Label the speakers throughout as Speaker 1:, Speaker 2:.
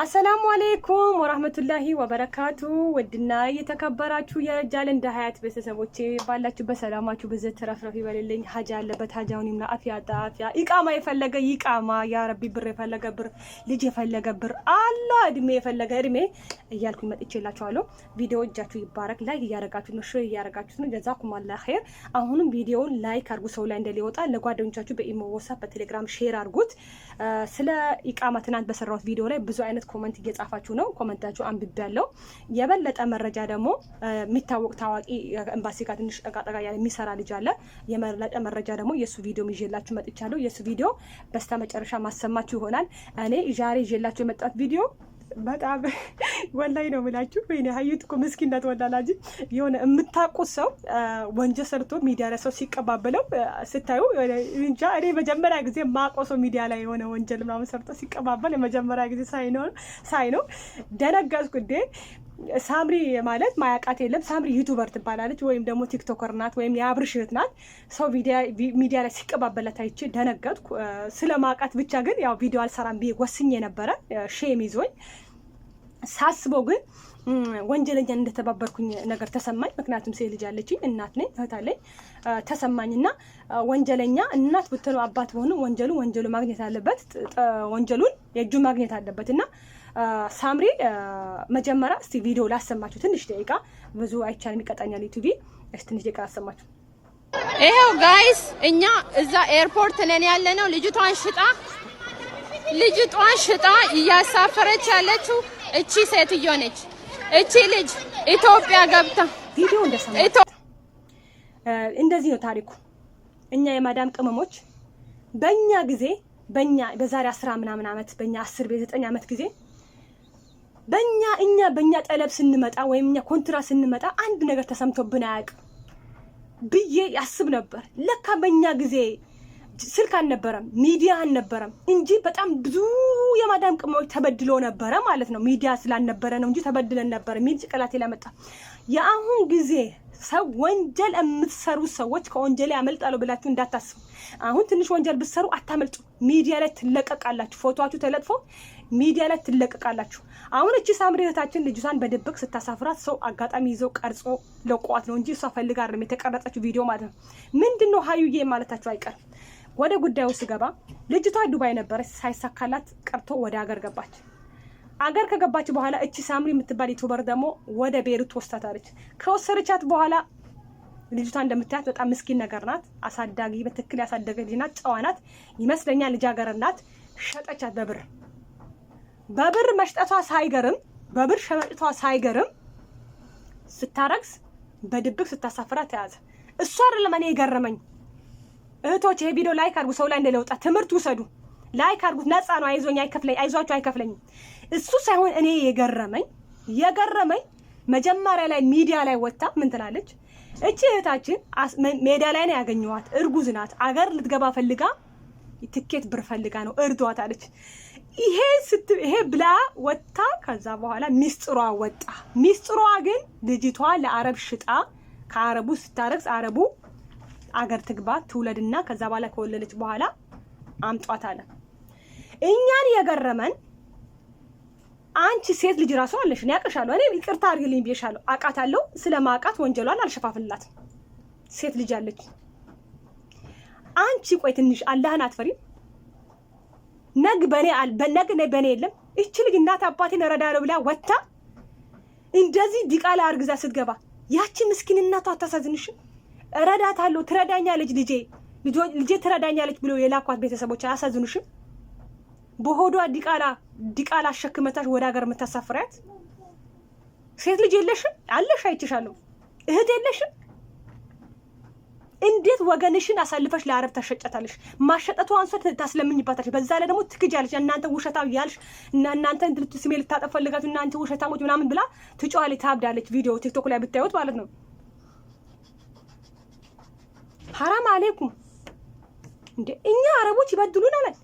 Speaker 1: አሰላሙ አሌይኩም ወራህመቱላሂ ወበረካቱ ውድና እየተከበራችሁ የረጃል እንደ ሀያት ቤተሰቦቼ ባላችሁ በሰላማችሁ ብዘት ተረፍረፍ ይበልልኝ። ሀጃ ያለበት ሀጃውን ይምና፣ አፍያ ያጣ ኢቃማ የፈለገ ይቃማ፣ ያረቢ፣ ብር የፈለገ ብር፣ ልጅ የፈለገ ብር፣ አላ እድሜ የፈለገ እድሜ እያልኩ መጥቼላችኋለሁ። ቪዲዮ እጃችሁ ይባረክ። ላይክ እያረጋችሁ ነው፣ ሼር እያረጋችሁ ነው። ጀዛኩም አላ ኸይር። አሁንም ቪዲዮውን ላይክ አርጉ፣ ሰው ላይ እንደሊወጣ ለጓደኞቻችሁ በኢሞ ዋትስአፕ፣ በቴሌግራም ሼር አርጉት። ስለ ኢቃማ ትናንት በሰራሁት ቪዲዮ ላይ ብዙ አይነት ኮመንት እየጻፋችሁ ነው። ኮመንታችሁ አንብቤያለሁ። የበለጠ መረጃ ደግሞ የሚታወቅ ታዋቂ ኤምባሲ ጋር ትንሽ ጠቃጠቃ ያለ የሚሰራ ልጅ አለ። የበለጠ መረጃ ደግሞ የእሱ ቪዲዮ ይዤላችሁ መጥቻለሁ። የእሱ ቪዲዮ በስተ መጨረሻ ማሰማችሁ ይሆናል። እኔ ዛሬ ይዤላችሁ የመጣት ቪዲዮ በጣም ወላይ ነው የምላችሁ። ወይኔ ሀዩት እኮ ምስኪናት ወላላጅ የሆነ የምታውቁት ሰው ወንጀል ሰርቶ ሚዲያ ላይ ሰው ሲቀባበለው ስታዩ እንጃ። እኔ መጀመሪያ ጊዜ የማውቀው ሰው ሚዲያ ላይ የሆነ ወንጀል ምናምን ሰርቶ ሲቀባበል የመጀመሪያ ጊዜ ሳይ ነው ደነገጥኩ እንዴ ሳምሪ ማለት ማያቃት የለም። ሳምሪ ዩቱበር ትባላለች ወይም ደግሞ ቲክቶከር ናት ወይም የአብርሽ እህት ናት። ሰው ሚዲያ ላይ ሲቀባበለት አይቼ ደነገጥኩ። ስለ ማቃት ብቻ ግን ያው ቪዲዮ አልሰራም ብዬ ወስኜ የነበረ ሼም ይዞኝ ሳስበው ግን ወንጀለኛ እንደተባበርኩኝ ነገር ተሰማኝ። ምክንያቱም ሴት ልጅ አለችኝ፣ እናት ነኝ፣ እህት አለኝ ተሰማኝ እና ወንጀለኛ እናት ብትሆኑ አባት በሆኑ ወንጀሉ ወንጀሉ ማግኘት አለበት፣ ወንጀሉን የእጁ ማግኘት አለበት እና ሳምሪ መጀመሪያ እስቲ ቪዲዮ ላሰማችሁ ትንሽ ደቂቃ፣ ብዙ አይቻልም ይቀጣኛል ዩቲቪ። እስቲ ትንሽ ደቂቃ ላሰማችሁ። ይሄው ጋይስ እኛ እዛ ኤርፖርት ነን ያለ ነው። ልጅቷን ሽጣ ልጅቷን ሽጣ እያሳፈረች ያለችው እቺ ሴትዮ ነች። እቺ ልጅ ኢትዮጵያ ገብታ ቪዲዮ እንደሰማ እንደዚህ ነው ታሪኩ። እኛ የማዳም ቅመሞች በእኛ ጊዜ በእኛ በዛሬ አስራ ምናምን አመት በእኛ አስር ዘጠኝ አመት ጊዜ በእኛ እኛ በእኛ ጠለብ ስንመጣ ወይም እኛ ኮንትራ ስንመጣ አንድ ነገር ተሰምቶብን አያውቅም ብዬ ያስብ ነበር። ለካ በእኛ ጊዜ ስልክ አልነበረም፣ ሚዲያ አልነበረም እንጂ በጣም ብዙ የማዳም ቅመሞች ተበድሎ ነበረ ማለት ነው። ሚዲያ ስላልነበረ ነው እንጂ ተበድለን ነበረ ሚል ጭቅላት ላመጣ የአሁን ጊዜ ሰው ወንጀል የምትሰሩ ሰዎች ከወንጀል ያመልጣሉ ብላችሁ እንዳታስቡ። አሁን ትንሽ ወንጀል ብትሰሩ አታመልጡ። ሚዲያ ላይ ትለቀቃላችሁ። ፎቶችሁ ተለጥፎ ሚዲያ ላይ ትለቀቃላችሁ። አሁን እቺ ሳምሬታችን ልጅቷን በድብቅ ስታሳፍራት ሰው አጋጣሚ ይዘው ቀርጾ ለቋት ነው እንጂ እሷ ፈልጋ አይደለም የተቀረጸችው ቪዲዮ ማለት ነው። ምንድን ነው ሀዩዬ ማለታችሁ አይቀርም። ወደ ጉዳዩ ስገባ ልጅቷ ዱባይ ነበረች፣ ሳይሳካላት ቀርቶ ወደ አገር ገባች። አገር ከገባች በኋላ እቺ ሳምሪ የምትባል ዩቱበር ደግሞ ወደ ቤሩት ወስታታለች። ከወሰደቻት በኋላ ልጅቷ እንደምታያት በጣም ምስኪን ነገር ናት። አሳዳጊ በትክክል ያሳደገ ልጅ ናት። ጨዋ ናት ይመስለኛል። ልጃገረድ ናት። ሸጠቻት በብር በብር መሽጠቷ ሳይገርም በብር ሸመጭቷ ሳይገርም ስታረግስ በድብቅ ስታሳፍራ ተያዘ። እሷ አይደለም እኔ የገረመኝ እህቶች ይሄ ቪዲዮ ላይክ አድርጉ፣ ሰው ላይ እንደለውጣ ትምህርት ውሰዱ። ላይክ አድርጉት። ነፃ ነው። አይዞኝ አይከፍለኝ፣ አይዟችሁ አይከፍለኝም። እሱ ሳይሆን እኔ የገረመኝ የገረመኝ መጀመሪያ ላይ ሚዲያ ላይ ወጥታ ምን ትላለች? እቺ እህታችን ሜዳ ላይ ነው ያገኘዋት፣ እርጉዝ ናት፣ አገር ልትገባ ፈልጋ ትኬት ብር ፈልጋ ነው እርዷት አለች። ይሄ ስት ይሄ ብላ ወጥታ፣ ከዛ በኋላ ሚስጥሯ ወጣ። ሚስጥሯ ግን ልጅቷ ለአረብ ሽጣ ከአረቡ ስታረግዝ አረቡ አገር ትግባ ትውለድና ከዛ በኋላ ከወለደች በኋላ አምጧት አለ። እኛን የገረመን አንቺ ሴት ልጅ ራሱ አለሽ ነው ያቀሻለሁ። እኔ ይቅርታ አድርግልኝ ብዬሻለሁ። አውቃታለሁ። ስለማውቃት ወንጀሏን አልሸፋፍንላትም። ሴት ልጅ አለች። አንቺ ቆይ ትንሽ አላህን አትፈሪም? ነግ በኔ አል በነግ ነ በኔ የለም እቺ ልጅ እናት አባቴን እረዳለሁ ብላ ወጥታ እንደዚህ ዲቃላ አርግዛ ስትገባ ያቺ ምስኪን እናቷ አታሳዝንሽም? እረዳታለሁ፣ ትረዳኛለች፣ ልጄ ልጄ ትረዳኛለች ብሎ የላኳት ቤተሰቦች አያሳዝኑሽም? በሆዷ ዲቃላ ዲቃላ አሸክመታሽ ወደ ሀገር የምታሳፍሪያት ሴት ልጅ የለሽም? አለሽ፣ አይችሻለሁ። እህት የለሽም? እንዴት ወገንሽን አሳልፈሽ ለአረብ ታሸጨታለሽ? ማሸጠቱ አንሶ ታስለምኝባታለሽ። በዛ ላይ ደግሞ ትክጃለሽ። እናንተ ውሸታም ያልሽ እናንተ ስሜ ልታጠፈልጋችሁ እናንተ ውሸታሞች ምናምን ብላ ትጮዋለች፣ ታብዳለች። ቪዲዮ ቲክቶክ ላይ ብታዩት ማለት ነው። ሀራም አሌይኩም እንደ እኛ አረቦች ይበድሉናል፣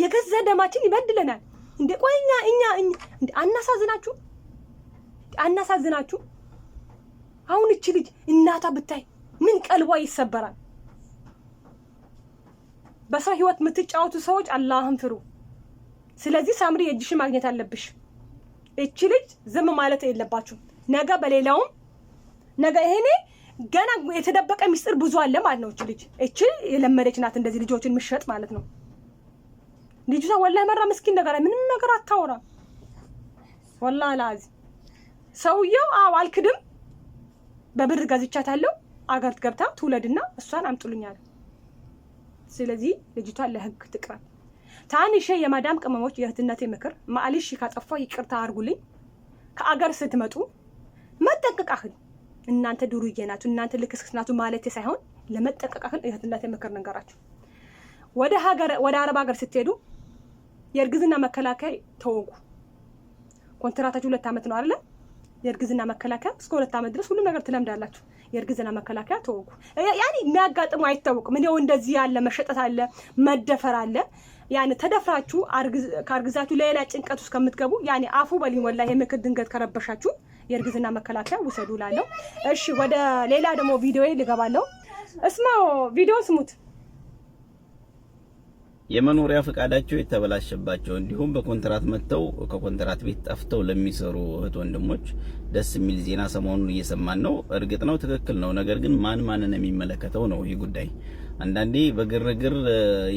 Speaker 1: የገዛ ደማችን ይበድለናል። እንዴ ቆይ እኛ አናሳዝናችሁ፣ አናሳዝናችሁ። አሁን እቺ ልጅ እናቷ ብታይ ምን ቀልቧ ይሰበራል። በሰው ህይወት የምትጫወቱ ሰዎች አላህን ፍሩ። ስለዚህ ሳምሪ የእጅሽን ማግኘት አለብሽ። እቺ ልጅ ዝም ማለት የለባችሁም። ነገ በሌላውም ነገ ይሄኔ ገና የተደበቀ ሚስጥር ብዙ አለ ማለት ነው። እች ልጅ እች የለመደች ናት እንደዚህ ልጆችን ምሸጥ ማለት ነው። ልጅቷ ወላሂ መራ ምስኪን ነገር ምንም ነገር አታወራም። ወላ ላዚ ሰውየው አዎ አልክድም፣ በብር ገዝቻታለሁ አገር ገብታ ትውለድና እሷን አምጡልኛል። ስለዚህ ልጅቷ ለህግ ትቅረብ። ታንሽ የማዳም ቅመሞች የእህትነቴ ምክር ማአሊሽ ካጠፋ ይቅርታ አርጉልኝ። ከአገር ስትመጡ መጠንቀቅ እናንተ ዱርዬ ናችሁ፣ እናንተ ልክስክስ ናችሁ ማለት ሳይሆን ለመጠንቀቃክል እህትነት የምክር ነገራችሁ። ወደ ሀገር ወደ አረብ ሀገር ስትሄዱ የእርግዝና መከላከያ ተወጉ። ኮንትራታችሁ ሁለት ዓመት ነው አይደለ? የእርግዝና መከላከያ እስከ ሁለት ዓመት ድረስ ሁሉም ነገር ትለምዳላችሁ። የእርግዝና መከላከያ ተወጉ። ያኔ የሚያጋጥሙ አይታወቅም። እንደው እንደዚህ ያለ መሸጠት አለ፣ መደፈር አለ ያኔ ተደፍራችሁ ከአርግዛችሁ ለሌላ ጭንቀት ውስጥ ከምትገቡ ያኔ አፉ በሊን ወላ የምክር ድንገት ከረበሻችሁ የእርግዝና መከላከያ ውሰዱ ላለው። እሺ ወደ ሌላ ደግሞ ቪዲዮ ልገባለው። እስማው ቪዲዮ ስሙት።
Speaker 2: የመኖሪያ ፈቃዳቸው የተበላሸባቸው እንዲሁም በኮንትራት መጥተው ከኮንትራት ቤት ጠፍተው ለሚሰሩ እህት ወንድሞች ደስ የሚል ዜና ሰሞኑን እየሰማን ነው። እርግጥ ነው ትክክል ነው። ነገር ግን ማን ማንን የሚመለከተው ነው ይህ ጉዳይ? አንዳንዴ በግርግር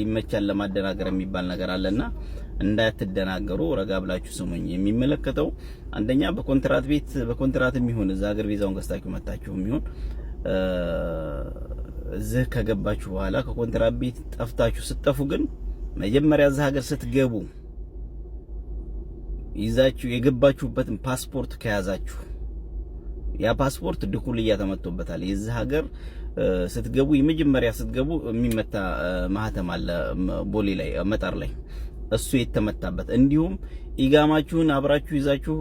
Speaker 2: ይመቻል ለማደናገር የሚባል ነገር አለና እንዳትደናገሩ ረጋ ብላችሁ ስሙኝ። የሚመለከተው አንደኛ በኮንትራት ቤት በኮንትራት የሚሆን እዛ ሀገር ቪዛውን ገዝታችሁ መጣችሁ የሚሆን እዚህ ከገባችሁ በኋላ ከኮንትራት ቤት ጠፍታችሁ ስትጠፉ ግን መጀመሪያ እዛ ሀገር ስትገቡ ይዛችሁ የገባችሁበትን ፓስፖርት ከያዛችሁ ያ ፓስፖርት ድኩልያ ተመቶበታል የዚህ ሀገር ስትገቡ የመጀመሪያ ስትገቡ የሚመታ ማህተም አለ ቦሌ ላይ መጣር ላይ እሱ የተመታበት እንዲሁም ኢጋማችሁን አብራችሁ ይዛችሁ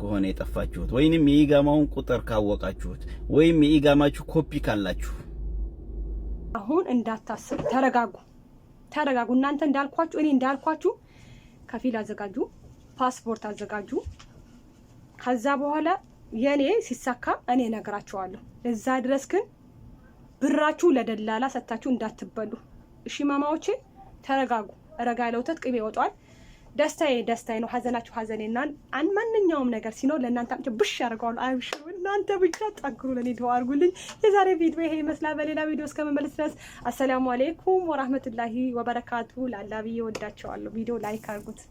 Speaker 2: ከሆነ የጠፋችሁት ወይንም የኢጋማውን ቁጥር ካወቃችሁት ወይም የኢጋማችሁ ኮፒ ካላችሁ
Speaker 1: አሁን እንዳታስቡ። ተረጋጉ፣ ተረጋጉ። እናንተ እንዳልኳችሁ እኔ እንዳልኳችሁ ከፊል አዘጋጁ፣ ፓስፖርት አዘጋጁ። ከዛ በኋላ የኔ ሲሳካ እኔ እነግራችኋለሁ። እዛ ድረስ ግን ብራችሁ ለደላላ ሰታችሁ እንዳትበሉ። እሺ ማማዎቼ ተረጋጉ። ረጋ ያለ ወተት ቅቤ ይወጣዋል። ደስታዬ ደስታዬ ነው፣ ሀዘናችሁ ሀዘኔና ማንኛውም ነገር ሲኖር ለእናንተ አምጪ ብሽ ያደርገዋል። አይብሽ እናንተ ብቻ ጠንክሩ። ለእኔ ድዋ አድርጉልኝ። የዛሬ ቪዲዮ ይሄ ይመስላል። በሌላ ቪዲዮ እስከመመለስ ድረስ አሰላሙ አሌይኩም ወራህመቱላሂ ወበረካቱ። ላላብዬ ወዳቸዋለሁ። ቪዲዮ ላይክ አድርጉት።